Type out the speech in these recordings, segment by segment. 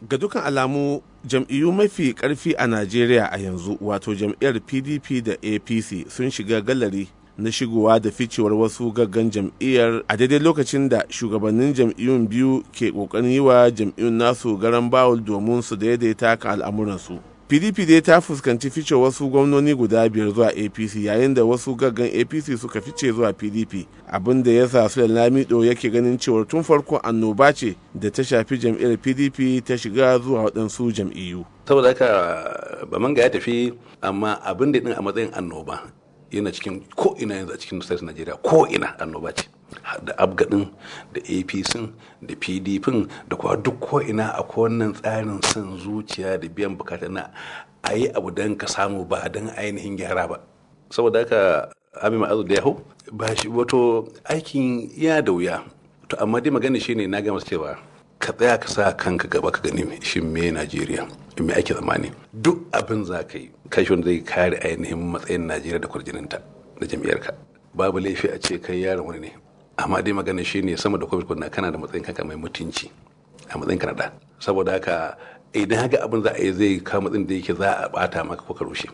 ga dukan alamu jam'iyyu mafi karfi a najeriya a yanzu wato jam'iyyar pdp da apc sun shiga galari na shigowa da ficewar wasu gaggan jam'iyyar a daidai lokacin da shugabannin jam'iyyun biyu ke kokarin yi wa jam'iyyun nasu garan bawul domin su daidaita ka al'amuransu pdp dai ta fuskanci fice wasu gwamnoni guda biyar zuwa apc yayin da wasu gaggan apc suka fice zuwa pdp abin da ya sa su lamido yake ganin cewar tun farko annoba ce da ta shafi jam'iyyar pdp ta shiga zuwa waɗansu jam'iyyu saboda haka man ga ya tafi amma abin da din a matsayin annoba yana cikin ko ina yanzu a cikin state najeriya ko ina annoba ce da abgadin da apc da pdp da kuwa duk ko'ina a wannan tsarin son zuciya da biyan bukata na a yi abu don ka samu ba don ainihin gyara ba saboda haka ami ma'azu da yahu ba shi wato aikin ya da wuya to amma dai magana shine na gama cewa ka tsaya ka sa kanka gaba ka gani shin me najeriya me ake zamani duk abin za ka yi kashi wanda zai kare ainihin matsayin najeriya da kwarjininta da jam'iyyarka babu laifi a ce kai yaron wani ne amma dai magana shi ne sama da komai kana da matsayin kanka mai mutunci a matsayin kanada saboda haka idan haka abin za a yi zai kawo matsayin da yake za a bata maka ko ka rushe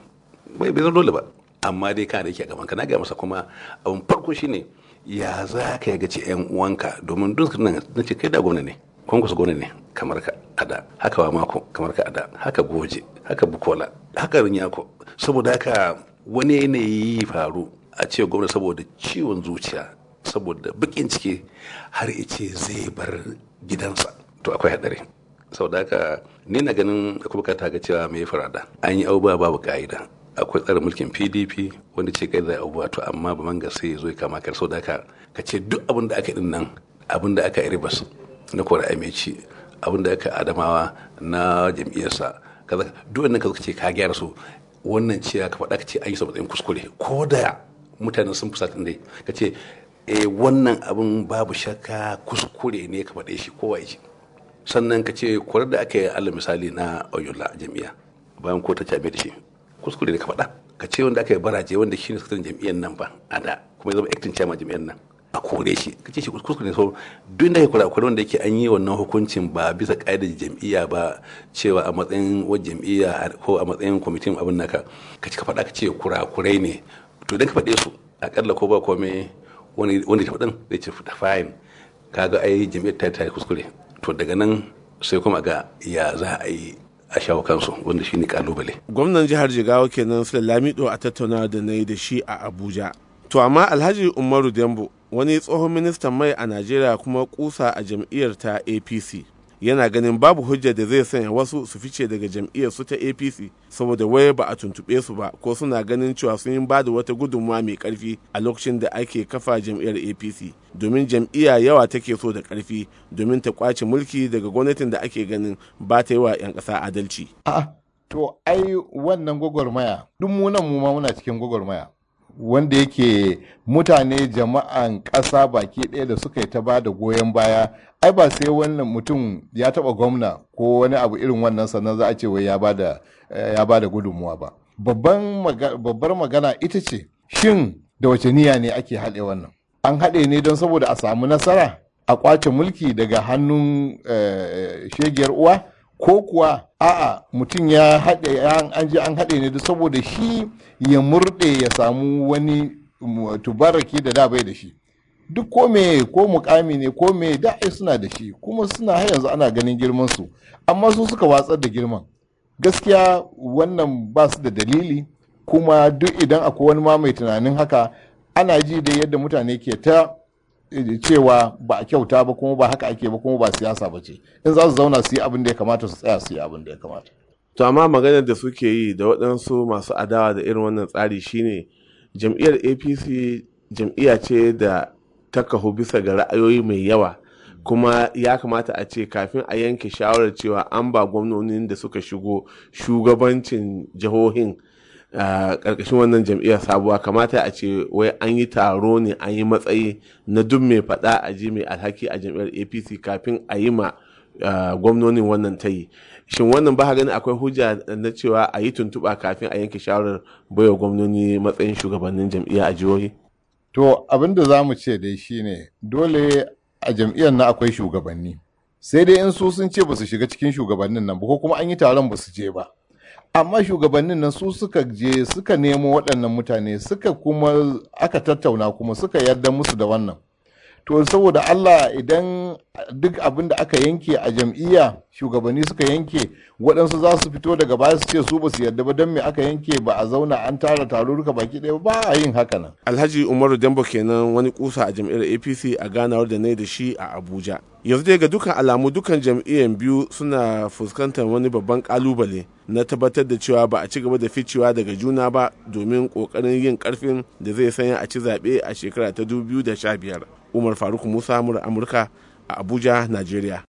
bai bai dole ba amma dai kana da yake a gaban ka na ga masa kuma abin farko shine ya za ka yaga ce yan uwanka domin duk nan na ce kai da gwamna ne kusa gwamna ne kamar ka ada haka ba mako kamar ka ada haka goje haka bukola haka rinyako saboda haka wani yanayi faru a ce gwamna saboda ciwon zuciya saboda bakin ciki har ce zai bar gidansa to akwai hadari sau da haka ni na ganin akwai bukata ga cewa mai farada an yi abubuwa babu ka'ida akwai tsarin mulkin pdp wanda ce kai zai abubuwa to amma ba manga sai ya zo ya kama kar sau da haka ka ce duk abin da aka yi nan abin da aka yi ribas na kora ameci abin da aka adamawa na jam'iyyarsa kaza duk wannan ka ce ka gyara su wannan ce ka faɗa ka ce an yi sa matsayin kuskure ko da mutanen sun fusata ne ka ce eh wannan abin babu shakka kuskure ne ka faɗe shi kowa ya sannan ka ce kwarar da aka yi ala misali na oyola jami'a bayan ko ta jami'a da shi kuskure ne ka faɗa ka ce wanda aka yi baraje wanda shi ne sakatar jami'an nan ba a da kuma ya zama acting chairman jami'an nan a kore shi ka ce shi kuskure ne so duk inda ke kura kura wanda yake an yi wannan hukuncin ba bisa ƙa'idar jami'a ba cewa a matsayin wa jami'a ko a matsayin kwamitin abin naka ka ci ka faɗa ka ce kurakurai ne to idan ka faɗe su akalla ko ba komai wani wanda tafi din ce da fayin kaga ai jami'ar ta yi kuskure to daga nan sai kuma ga ya za a yi a shawo kansu wanda shi ne kalubale gwamnan jihar jigawa kenan su lamido a tattauna da na yi da shi a abuja to amma alhaji umaru dembo wani tsohon ministan mai a najeriya kuma kusa a jam'iyyar ta apc yana ganin babu hujja da zai sanya wasu su fice daga jam'iyyar su ta apc saboda wai ba a tuntuɓe su ba ko suna ganin cewa sun yi ba da wata gudunmawa mai karfi a lokacin da ake kafa jam'iyyar apc domin jam'iyya yawa take so da karfi domin ta kwace mulki daga gwamnatin da ake ganin ba ta yi wa 'yan ƙasa adalci. to ai wannan gwagwarmaya duk mu nan mu ma muna cikin gwagwarmaya wanda yake mutane jama'an ƙasa baki ɗaya da suka yi ta ba da goyon baya ai ba sai wannan mutum ya taɓa gwamna ko wani abu irin wannan sannan za a ce wai ya ba da gudunmuwa ba babbar magana ita ce shin da wace niyya ne ake haɗe wannan an haɗe ne don saboda a samu nasara a kwace mulki daga hannun eh, shegiyar uwa ko kuwa a'a mutum ya haɗe an ji an haɗe ne saboda shi ya murɗe ya samu wani mm, tubaraki da da bai da shi duk ko me ko mukami ne ko me da suna da shi kuma suna har yanzu ana ganin girman su amma su suka watsar da girman gaskiya wannan ba su da dalili kuma duk idan akwai wani ma mai tunanin haka ana ji da yadda mutane ke ta cewa ba a kyauta ba kuma ba haka ake ba kuma ba siyasa ba ce in za su zauna su yi abin da ya kamata su tsaya su yi abin da ya kamata to amma maganar da suke yi da waɗansu masu adawa da irin wannan tsari shine jam'iyyar apc jam'iyya ce da ta kahu bisa ga ra'ayoyi mai yawa kuma ya kamata a ce kafin a yanke shawarar cewa an ba gwamnonin da suka shigo shugabancin jihohin ƙarƙashin wannan jam'iyyar sabuwa kamata a ce wai an yi taro ne an yi matsayi na duk mai faɗa a ji mai alhaki a jam'iyyar apc kafin a yi ma gwamnonin wannan ta yi shin wannan ba gani akwai hujja na cewa a yi tuntuɓa kafin a yanke shawarar baiwa gwamnoni matsayin shugabannin jam'iyya a jihohi to abin da za mu ce dai shine dole a jam'iyyar na akwai shugabanni sai dai in su sun ce ba su shiga cikin shugabannin nan ba ko kuma an yi taron ba su je ba amma shugabannin nan su suka je suka nemo waɗannan mutane suka kuma aka tattauna kuma suka yarda musu da wannan to saboda Allah idan duk abin da aka yanke a jam'iyya shugabanni suka yanke waɗansu za su fito daga baya su ce su ba su yarda ba don me aka yanke ba a zauna an tara tarurruka baki ɗaya ba a yin haka nan. Alhaji Umaru Dambo kenan wani kusa a jam'iyyar APC a ganawar da na da shi a Abuja. Yanzu dai ga dukkan alamu dukkan jam'iyyar biyu suna fuskantar wani babban kalubale na tabbatar da cewa ba a ci gaba da ficewa daga juna ba domin kokarin yin karfin da zai sanya a ci zaɓe a shekara ta 2015. umar faruk musa mura amurka a abuja najeriya